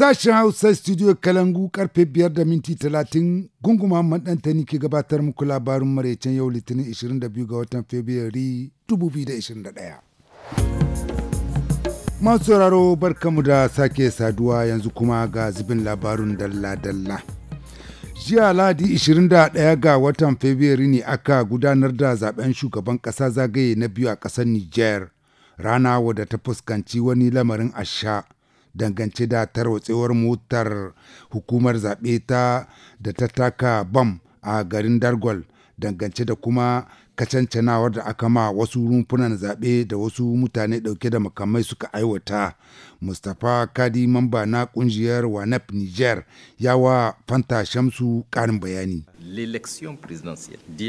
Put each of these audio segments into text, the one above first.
Sashen Hausa Studio Kalangu karfe 5 da minti 30 gunguma maɗanta ke gabatar muku labarin maraicen yau Litinin 22 ga watan Fabrairu 2021. Masu sauraro barkamu da sake saduwa yanzu kuma ga zubin labarun dalla-dalla. jiya ladi 21 ga watan fabrairu ne aka gudanar da zaben shugaban kasa zagaye na biyu a ƙasar niger rana wadda ta fuskanci wani lamarin asha dangance da tarwatsewar motar hukumar zaɓe ta da ta taka bam a garin dargol dangance da kuma kacancanawar da aka ma wasu rumfunan zaɓe da wasu mutane ɗauke da makamai suka aiwata mustapha kadi mamba na ƙungiyar wanaf niger wa fanta shamsu ƙarin bayani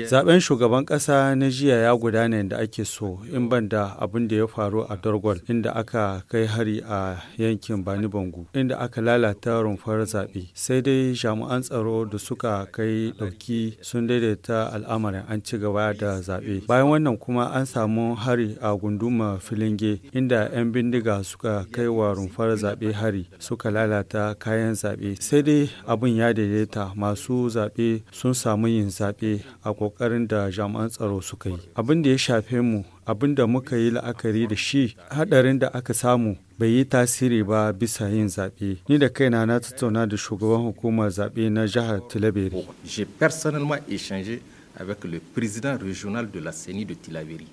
Zaben shugaban ƙasa na jiya ya gudana yadda ake so in banda da abin da ya faru a Dorgol inda aka kai hari a yankin Bani Bangu inda aka lalata rumfar zaɓe. Sai dai jami'an tsaro da suka kai ɗauki sun daidaita al'amarin an ci gaba da zaɓe. Bayan wannan kuma an samu hari a gunduma Filinge inda 'yan bindiga suka kai wa rumfar zaɓe hari suka lalata kayan zaɓe. Sai dai abin ya daidaita masu zaɓe sun samu yin zaɓe a ƙoƙarin da jami'an tsaro suka yi abin da ya shafe mu abin da muka yi la'akari da shi haɗarin da aka samu bai yi tasiri ba bisa yin zaɓe ni da kaina na tattauna da shugaban hukumar zaɓe na jihar tilaberi avec le la de Tilaberi.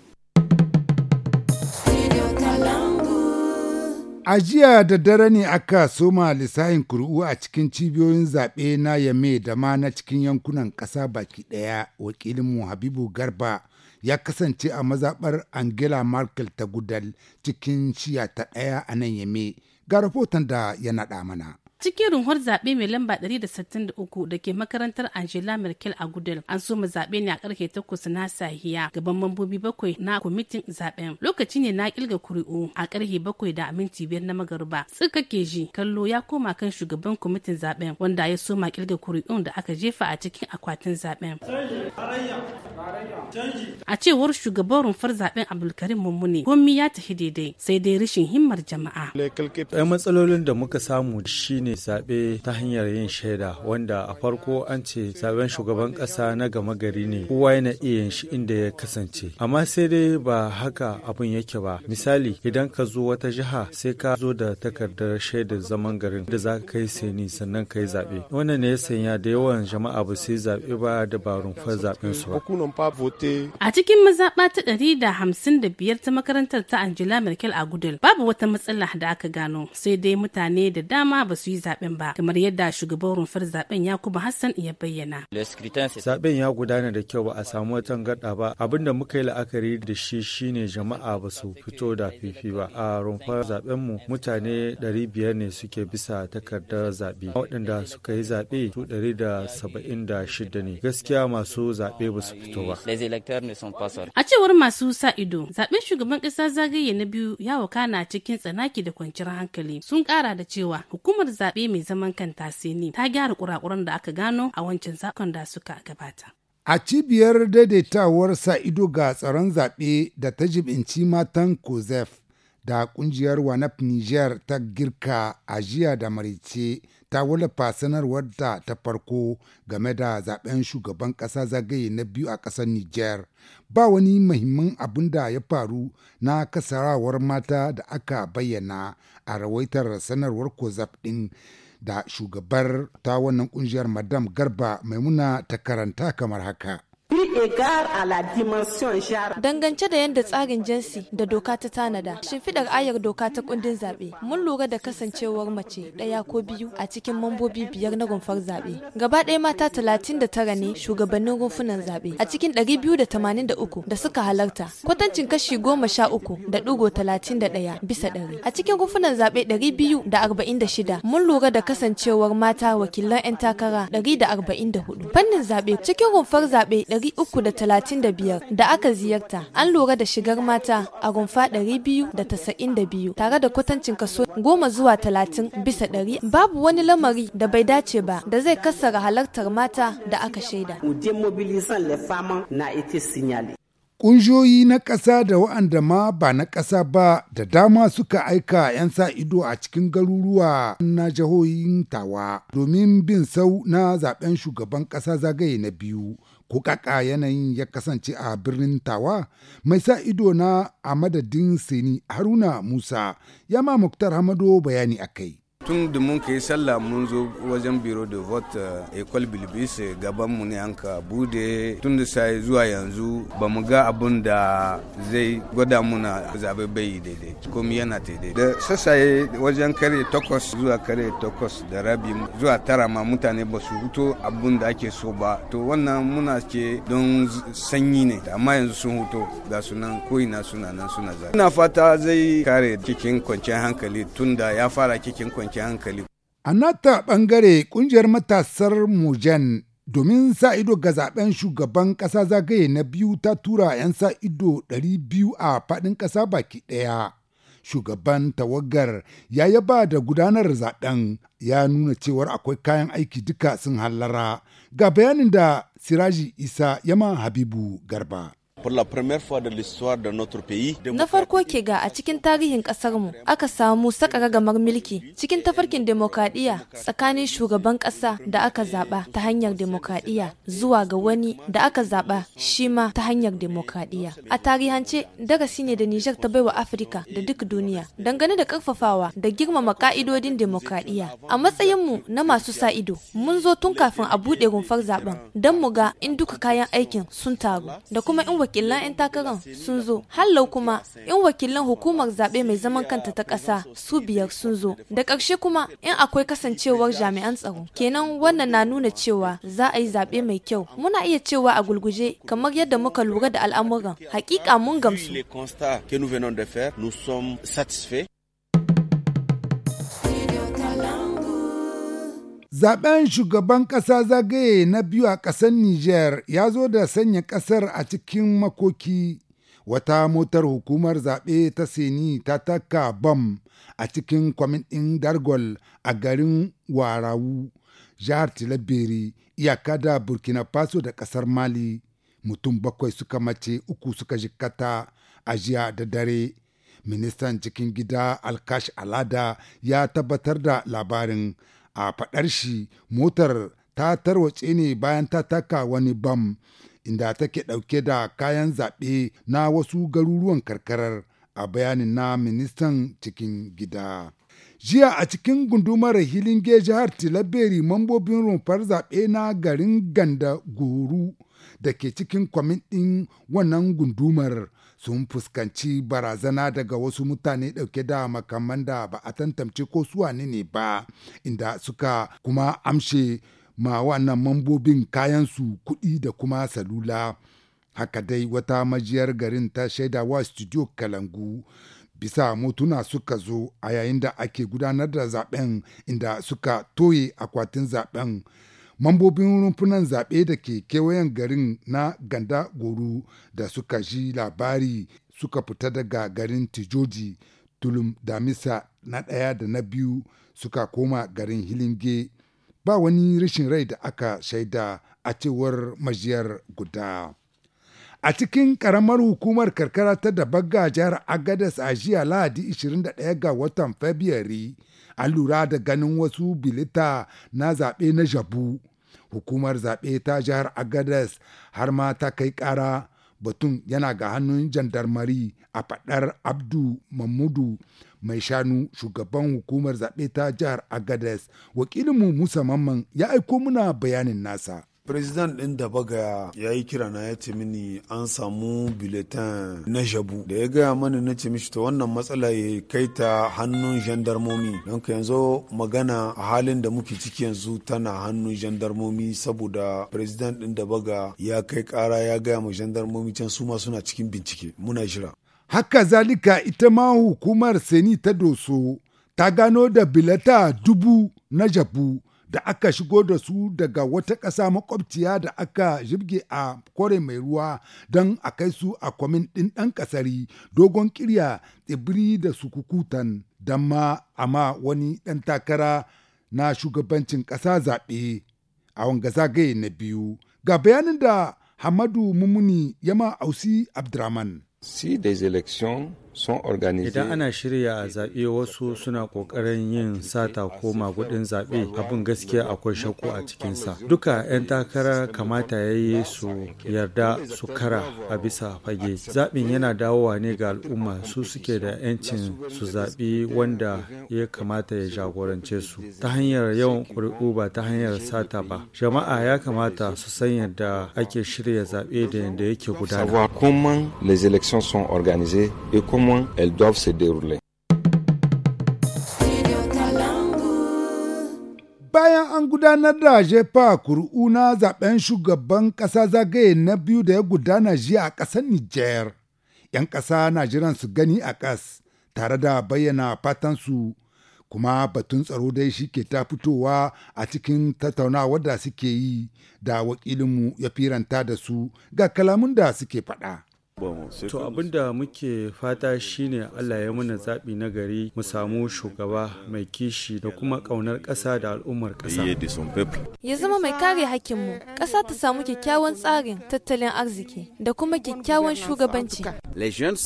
Ajiya da dare ne aka soma lissahin kuru'u a cikin cibiyoyin zaɓe na Yame da ma na cikin yankunan ƙasa baki ɗaya wakilinmu Habibu Garba ya kasance a mazaɓar Angela Merkel ta gudal cikin shiya ta ɗaya a nan Yame ga rahoton da ya naɗa mana. cikin runhuwar zaɓe mai lamba 163 da ke makarantar angela merkel a gudel an soma zaɓe ne a ƙarfe takwas na sahiya gaban mambobi bakwai na kwamitin zaɓen lokaci ne na ƙirga kuri'u a ƙarfe bakwai da aminti biyar na magarba ke keji kallo ya koma kan shugaban kwamitin zaɓen wanda ya soma ƙirga kuri'un da aka jefa a cikin akwatin zaɓen A cewar shugaban rumfar zaben Abdulkarim Mummuni, komi ya tafi daidai sai dai rashin himmar jama'a. Ɗan matsalolin da muka samu shine zaɓe ta hanyar yin shaida wanda a farko an ce zaben shugaban ƙasa na gama gari ne kowa yana iya yin shi inda ya kasance. Amma sai dai ba haka abun yake ba. Misali idan ka zo wata jiha sai ka zo da takardar shaidar zaman garin da za ka kai seni sannan kai zaɓe. Wannan ne ya sanya da yawan jama'a ba su yi zaɓe ba da ba rumfar zaɓen su ba. A cikin mazaɓa ta ɗari da hamsin da biyar ta makarantar ta Angela Merkel a Gudul babu wata matsala da aka gano sai dai mutane da dama ba su yi zaɓen ba kamar yadda shugaban rumfar zaɓen Yakubu Hassan ya bayyana. Zaɓen ya gudana da kyau ba a samu wata gaɗa ba abin da muka yi la'akari da shi shine jama'a ba su fito da fifi ba a rumfar zaɓen mu mutane ɗari biyar ne suke bisa takardar zaɓe waɗanda suka yi zaɓe su ɗari da saba'in da shida ne gaskiya masu zaɓe ba su fito fitowa. A cewar masu sa ido, zaɓen shugaban ƙasa zagaye na biyu ya wakana cikin tsanaki da kwanciyar hankali. Sun ƙara da cewa hukumar zaɓe mai zaman kanta ne ta gyara kurakuran da aka gano a wancan zakon da suka gabata. A cibiyar daidaitawar sa ido ga tsaron zaɓe da ta jibinci matan Kozef da ƙungiyar Wanaf Niger ta girka a jiya da marice ta wallafa sanarwar da ta farko game da zaben shugaban ƙasa zagaye na biyu a ƙasar Nijar. Ba wani muhimmin abin da ya faru na kasarawar mata da aka bayyana a rawaitar sanarwar kozaf ɗin da shugabar ta wannan ƙungiyar Madam Garba Maimuna ta karanta kamar haka. Dangance da yadda tsarin jinsi da doka ta tanada, shimfiɗar ayar doka ta kundin zaɓe, mun lura da kasancewar mace ɗaya ko biyu a cikin mambobi biyar na rumfar zaɓe. Gaba ɗaya mata talatin da tara ne shugabannin rumfunan zabe a cikin ɗari biyu da tamanin da uku da suka halarta, kwatancin kashi goma sha uku da ɗigo talatin da ɗaya bisa ɗari. A cikin rumfunan zaɓe ɗari biyu da arba'in da shida, mun lura da kasancewar mata wakilan 'yan takara ɗari da arba'in da hudu. Fannin zaɓe cikin rumfar zaɓe ɗari 335 da aka ziyarta an lura da shigar mata a rumfa 292 tare da kwatancin kaso 10 zuwa 30 bisa 100 babu wani lamari da bai dace ba da zai kasara halartar mata da aka shaida. Ƙungiyoyi na ƙasa da wa'anda ma ba na ƙasa ba da dama suka aika 'yan sa ido a cikin garuruwa na jihohin tawa domin bin sau na zaben shugaban ƙasa zagaye na biyu. Ko ƙaƙa yanayin ya kasance a birnin tawa mai sa ido na a madadin sini Haruna Musa ya ma Muktar Hamado bayani a kai. tun da mun kai sallah mun zo wajen biro da vote ecole eh, bilbis eh, gaban mu ne an ka bude tun da sai zuwa yanzu ba mu ga abun da zai gwada muna zabe bai daidai komi yana daidai da sassaye wajen kare takwas zuwa kare takwas da rabi zuwa tara ma mutane ba su huto abun da ake so ba to wannan muna ke don sanyi ne amma yanzu sun huto ga sunan ko'ina suna nan suna fata zai kare cikin kwanciyar hankali tun da ya fara cikin kwanciyar anata hankali. A nata ɓangare ƙungiyar matasar Mujan domin sa ido ga zaben shugaban ƙasa zagaye na biyu ta tura 'yan sa ido 200 a faɗin ƙasa baki ɗaya. Shugaban tawagar ya yaba da gudanar zaben ya nuna cewar akwai kayan aiki duka sun hallara ga bayanin da Siraji Isa Yaman Habibu Garba. Na farko ke ga a cikin tarihin mu aka samu saka ragamar milki cikin tafarkin demokadiyya tsakanin shugaban ƙasa da aka zaɓa ta hanyar demokadiyya zuwa ga wani da aka zaɓa shi ma ta hanyar demokadiyya. A tarihance darasi ne da Nijar ta baiwa Afirka da duk duniya dangane da ƙarfafawa da girmama ƙa'idodin demokadiyya. A matsayinmu na masu sa ido mun zo tun kafin a buɗe rumfar zaɓen don mu ga in duka kayan aikin sun taru da kuma in wakilan 'yan takarar sun zo, hallau kuma 'yan wakilan hukumar zaɓe mai zaman kanta ta ƙasa su biyar sun zo. Da ƙarshe kuma in akwai kasancewar jami'an tsaro. Kenan wannan na nuna cewa za a yi zaɓe mai kyau. Muna iya cewa a gulguje kamar yadda muka lura da al'amuran. Hakika mun gamsu. Zaben shugaban ƙasa zagaye na biyu a ƙasar Nijar ya zo da sanya ƙasar a cikin makoki. Wata motar hukumar zaɓe ta Seni ta taka bam a cikin kwamitin Dargol a garin Warawu, jihar tilabiri iyaka da Burkina Faso da ƙasar Mali. Mutum bakwai suka mace uku suka jikata a jiya da dare. Ministan cikin gida Alkash Alada ya tabbatar da labarin. a faɗar shi motar ta tarwace ne bayan ta taka wani bam inda take ɗauke da kayan zaɓe na wasu garuruwan karkarar a bayanin na ministan cikin gida. jiya a cikin gundumar hilinge jihar tilaberi mambobin rumfar zaɓe na garin ganda guru da ke cikin kwamin ɗin wannan gundumar sun fuskanci barazana daga wasu mutane ɗauke da makaman da ba a tantamce ko suwane ne ba inda suka kuma amshe ma wannan mambobin kayansu kuɗi da kuma salula haka dai wata majiyar garin ta shaida wa studio kalangu bisa motuna suka zo a yayin da ake gudanar da zaben inda suka toye akwatin zaben Mambobin rumfunan zaɓe da ke kewayen garin na Ganda Goru da suka ji labari suka fita daga garin Tijoji, Tulum Damisa na ɗaya da na biyu suka koma garin Hilinge. Ba wani rashin rai da aka shaida a cewar majiyar guda. A cikin ƙaramar hukumar karkara ta Dabagga jihar agadas a jiya Lahadi 21 ga watan Fabiyari. an lura da ganin wasu bilita na zaɓe na jabu hukumar zaɓe ta jihar agadas har ma ta kai ƙara batun yana ga hannun jandarmari a faɗar abdu mamudu mai shanu shugaban hukumar zaɓe ta jihar agadas wakilinmu musa mamman ya aiko muna bayanin nasa President din da baga ya yi kira na ya ce mini an samu biletan na jabu da ya gaya mani na ce mishi ta wannan matsala ya kai ta hannun jandarmomi don ka yanzu magana a halin da muke ciki yanzu tana hannun jandarmomi saboda president din da baga ya kai kara ya gaya ma jandarmomi can su ma suna cikin bincike muna jira. Haka zalika ita ma hukumar Seni ta doso ta gano da bileta dubu na jabu da aka shigo da su daga wata ƙasa makwabciya da aka jirge a kore mai ruwa don a kai su a kwamin ɗin ɗan ƙasari dogon kirya tsibiri da sukukutan don ma amma wani ɗan takara na shugabancin ƙasa zaɓe a wanga zagaye na biyu ga bayanin da hamadu mumuni yama ausi abdraman si des sun organize idan ana shirya a zaɓe wasu suna ƙoƙarin yin sata ko magudin zaɓe abin gaskiya akwai shakku a cikinsa duka 'yan takara kamata ya yi su yarda su kara a bisa fage zaɓin yana dawowa ne ga al'umma su suke da 'yancin su zaɓi wanda ya kamata ya jagorance su ta hanyar yawan ƙuri'u ba ta hanyar sata ba jama'a ya kamata su san yadda ake shirya zaɓe da yadda yake gudana. moins elles doivent se dérouler. bayan an gudanar da jefa kuri'u na zaben shugaban ƙasa zagaye na biyu da ya gudana jiya a ƙasar nijer 'Yan ƙasa na jiran su gani a ƙas tare da bayyana fatan su kuma batun tsaro dai shi ke ta fitowa a cikin tattaunawa da suke yi da wakilinmu ya firanta da su ga kalamun da suke faɗa. To abin da muke fata shine Allah ya mana zaɓi na gari mu samu shugaba mai kishi da kuma ƙaunar ƙasa da al'ummar ƙasa. Ya zama mai kare mu ƙasa ta samu kyakkyawan tsarin tattalin arziki da kuma kyakkyawan shugabanci.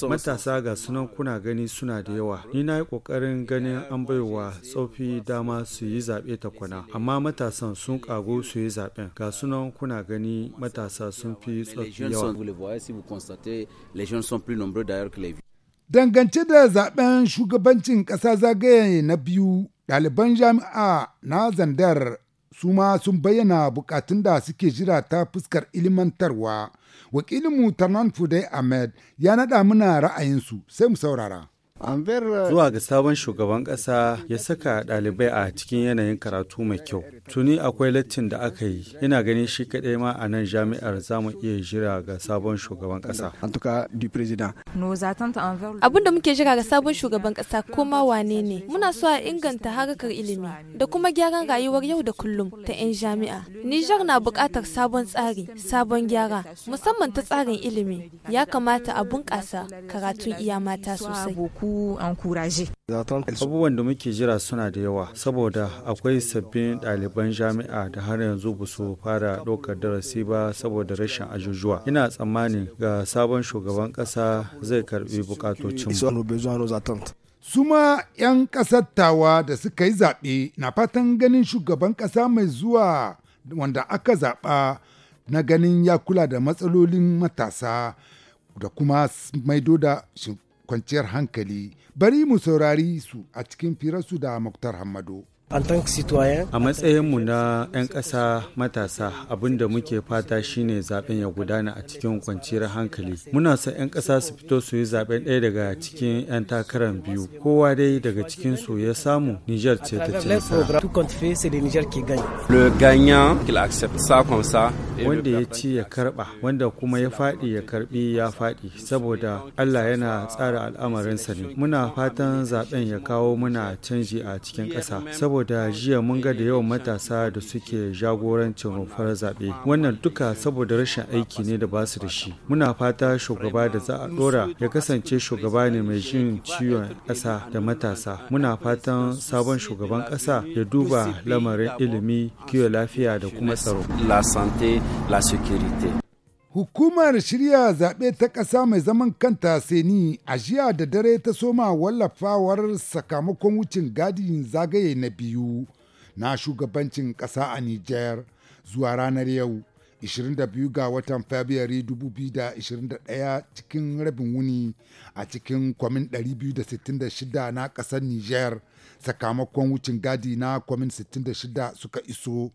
Matasa ga sunan kuna gani suna da yawa. Ni na yi ƙoƙarin ganin an baiwa tsofi dama su yi zaɓe ta kwana, amma matasan sun ƙago su yi zaɓen. Ga sunan kuna gani matasa sun fi tsofi yawa. les jeunes sont plus nombreux d'ailleurs que les vieux. Dangance da zaben shugabancin ƙasa zagaye na biyu, ɗaliban jami'a na zandar su ma sun bayyana bukatun da suke jira ta fuskar ilimantarwa. Wakilinmu Tarnan Fudai Ahmed ya naɗa muna ra'ayinsu sai mu saurara. Uh, Zuwa ga sabon shugaban kasa ya saka ɗalibai a cikin yanayin karatu mai kyau. Tuni akwai lattin da aka yi, ina ganin shi kaɗai ma a nan jami'ar za mu iya jira ga sabon shugaban ƙasa. Abin da muke jira ga sabon shugaban ƙasa kuma wane ne, muna so a inganta harkar ilimi da kuma gyaran rayuwar yau da kullum ta 'yan jami'a. Nijar na buƙatar sabon tsari, sabon gyara, musamman ta tsarin ilimi. Ya kamata a bunƙasa karatun iya mata sosai. Abubuwan da muke jira suna da yawa saboda akwai sabbin ɗaliban jami'a da har yanzu ba su fara ɗaukar darasi ba saboda rashin ajujuwa. Ina tsammani ga sabon shugaban ƙasa zai karbi bukatocin. Suma 'yan ƙasar tawa da suka yi zaɓe na fatan ganin shugaban ƙasa mai zuwa wanda aka zaɓa na ganin ya kula da matsalolin matasa da kuma maido da kwanciyar hankali bari mu saurari su a cikin firarsu da Muktar Hamado. A matsayinmu na 'yan ƙasa matasa abin da muke fata shine zaben ya gudana a cikin kwanciyar hankali. Muna son 'yan ƙasa su fito su yi zaben ɗaya daga cikin 'yan takarar biyu. Kowa dai daga cikin su ya samu Nijar ce ta ce Wanda ya ci ya karɓa, wanda kuma ya faɗi ya karɓi ya faɗi, saboda Allah yana tsara al'amarinsa ne. Muna fatan zaben ya kawo muna canji a cikin ƙasa, saboda saboda jiya mun ga da yawan matasa da suke jagorancin rumfar zaɓe wannan duka saboda rashin aiki ne da basu da shi muna fata shugaba da za a ɗora ya kasance shugaba ne mai jin ciwon ƙasa da matasa muna fatan sabon shugaban ƙasa ya duba lamarin ilimi kiwon lafiya da kuma tsaro la santé la sécurité Hukumar shirya zaɓe ta ƙasa mai zaman kanta Seni a jiya da dare ta soma wallafawar sakamakon wucin gadin zagaye na biyu na shugabancin ƙasa a Nijar zuwa ranar yau 22 ga watan Fabrairu 2021 cikin rabin wuni a cikin kwamin 266 na ƙasar Nijar sakamakon wucin gadi na kwamin 66 suka iso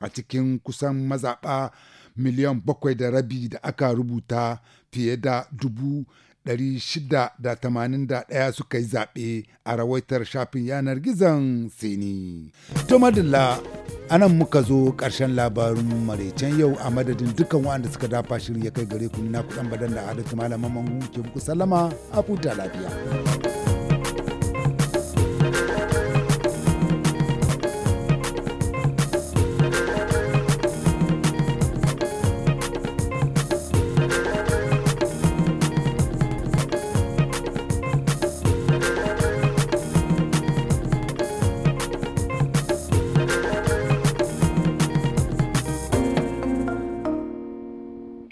a cikin kusan mazaɓa miliyan bakwai da rabi da aka rubuta fiye da dubu 681 suka yi zaɓe a rawaitar shafin yanar gizon sini. To madalla anan muka zo ƙarshen labarin maraicen yau a madadin dukkan waɗanda suka dafa shirin ya kai gare ku na kuɗan badan da adatu malaman mangu ke muku sallama a lafiya.